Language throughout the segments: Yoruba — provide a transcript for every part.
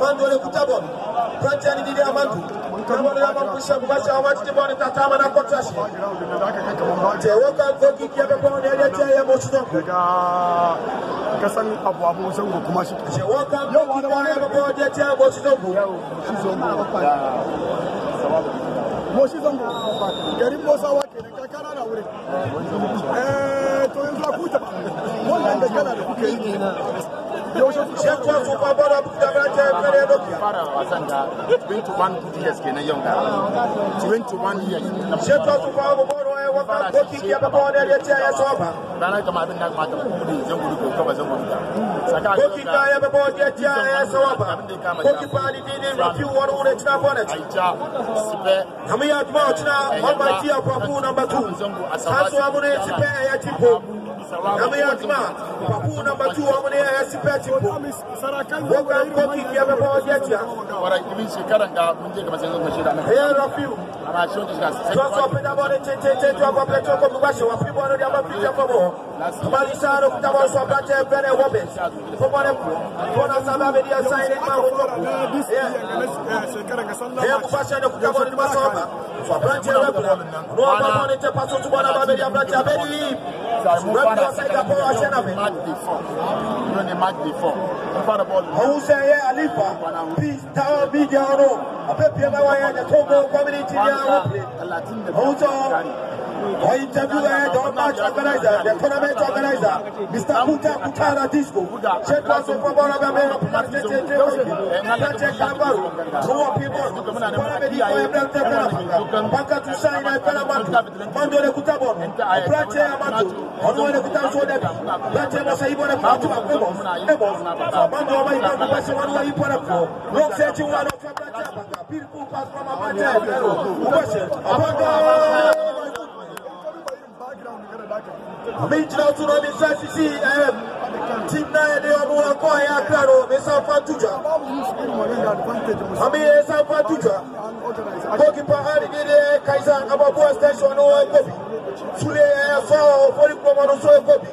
bantu olekutabo twanjanirira abantu tatama tewoka kasan abu abu kuma shi tewoka kakana na eh to yanzu akuta da kana da kuke yi shakwasu kwa bora da ta yi kare doki fara wasan da 21 years kenan yau da 21 years shakwasu kwa bora ya waka doki ya baba wani ya ce ya sofa rana kama abin da kamata kudi zan gudu ko kaba zan gudu da doki ka ya baba wani ya ce ya sofa doki pali dini rafi wani wuri cina bonnet kamar ya tuma cina mamaki a kwafu na batu kasuwa mune sipe ya tipo Nyame yɛ adwuma papo namba two ɔmo ne ɛyɛ sipɛti po wɔkura nkɔki bia bɛbɔ ɔdi atia. Wara ibi nsi kara nka mun jɛ kama sɛnɛ mɔsi da. Ɛyɛ rɔfiw. Ara si o ti ka sɛ. Sɔsɔ pidabɔ ni tete tu akɔ pɛtɛ ko mugu ase wa fi bɔ n'odi aba fi jɛ fɔbɔ. Tumali saaro kutabɔ sɔ platɛ bɛrɛ wɔbɛ. Fɔbɔ ne kun. Fɔna saba bɛ di yan san yiri ma ko kɔ. Ɛyɛ mugu ase ne kutabɔ ni ma sɔn ma. Fɔ platɛ bɛ kun. N'o b'a fɔ ne tɛ paso tubɔ na ba bɛ di yan platɛ a bɛ di. Who say yeah, Alifa? Please tell me the arrow. I bet you ever want to talk about community. Who say? Or in Tabula, or March organizer, the tournament organizer, Mr. Kuta Kutara Disco, check us for one of the men of the United States, and I take a bar, two people, two people, two people, two people, two people, two people, two people, two people, two people, two people, two people, two people, two people, two people, two people, two Mijina Turani Sasisi um, Timna ne Amura Kwai Akrano Mesafa Tuja Ami Mesafa Tuja Goalkeeper Ali Dede Kaiser Ababua Station Owa Kobi Sule Ayasawa Ofori Kwamano Soe Kobi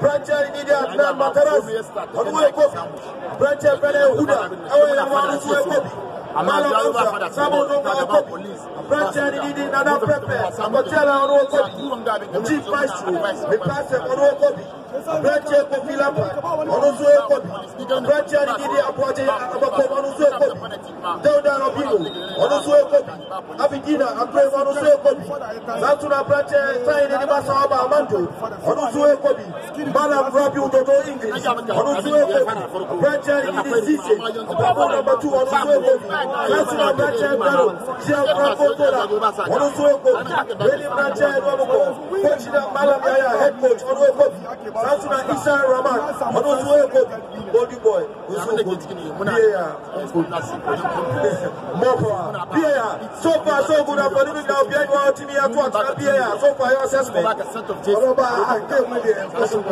Branche Ali Dede Adnan Mataraz Onuwe Kobi Branche Bele Huda Awe Afaru Soe Kobi Sabodomoto, Branchadidi, Nana Pepe, Abatela Orokobi, Chief Pashu, Mipase Orokobi, Branche Kofilapa, Oruzu Ekobi, Branchadidi, Abuaje, Abako, Oruzu Ekobi, Dauda Robinho, Onusu Ekobi, Abidina, Akwe, Onusu Ekobi, Santuna Branche, Saini Nibasa Aba Amando, Onusu Ekobi, Malam Rabiu Dodo English, Onusu Ekobi, Branche Idisise, Bravo number two, Onusu Ekobi, Santuna Branche Mbaro, Jean Franco Tola, Onusu Ekobi, Beli Branche Nwamoko, Kochina Malam Yaya, Head Coach, Onusu Ekobi, Santuna Isa Rahman, Onusu Ekobi, Body Boy, Onusu Ekobi, Yeah, Mopua, Pierre, so far so good for living now. Pierre, you are teaming at what? Pierre, so far your assessment. Ọlọ́ba Akẹ́wìlẹ̀ ẹ̀fọ́sùn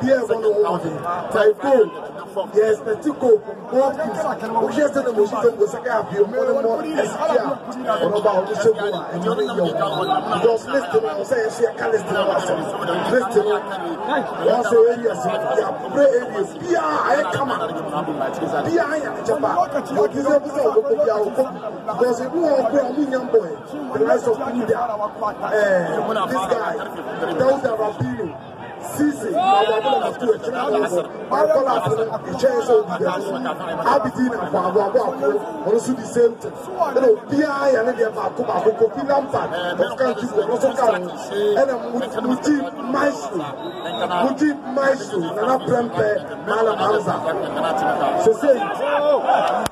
Pierre wọn lọ́wọ́ Taiko, yẹ ẹ̀sìtẹ́tìkò mọ́ọ̀kì, oṣù ẹ̀sẹ̀ ni mo ṣe fẹ́ mo sẹ́kẹ́ àbí ọmọdé mọ́ ẹ̀sìtíà ọlọ́ba Olúṣẹ́gun wa ẹ̀mí ní yọ̀ because listen na ọ̀sẹ̀ yẹn ṣe ẹ̀ka listen na ọ̀sẹ̀ listen na wọ́n ṣe eré ẹ̀sìn yà pray eré bíyà ayé kama bíyà ayé àjẹbá accusé Musa Okonkwo they are Okonkwo because if you wan go Ali Yamboy the likes of Nida uh, this guy Dauda Rabiru sisi mawabola tu ekyina n'afɔ mawabola afɔlɔ ekyɛn sɛ obi bɛ fɔ abidi na bɔ abo abo akoro ɔno so di same thing ɛna obiara yɛ ne deɛ baako baako kofi lampa ɔfika nti wɔ ɔno so ka ho ɛna muti maestro muti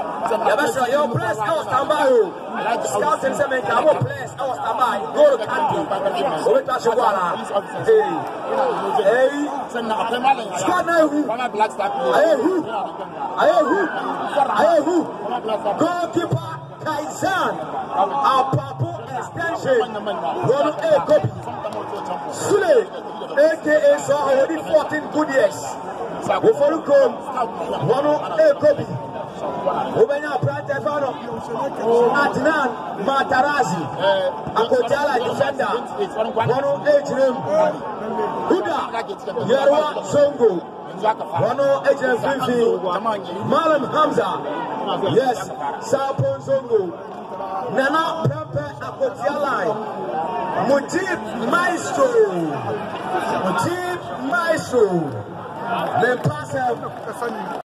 yɛ bɛ sɛ yɛwɔ place ɛwɔ stamba o scout nsɛm nka yɛwɔ place ɛwɔ stamba goal kandi o bɛ taa se bɔ a la ee eyi squad na ehu a ye hu a ye hu a ye hu goalkeeper kaizan apapo extension wɔn e kobi sule aka sɔ awɔ ni fourteen good years wofɔlukrom wɔn e kobi wobɛnya aberantɛ fa no atnan matarasi akotiala defenda wɔno ɛgyinam huda yɛroa songo wɔno ɛgyina mfimfini malam hamza yes sapon songo nana prɛmpɛ akotiala mujib maestro mujib maestro mepasɛm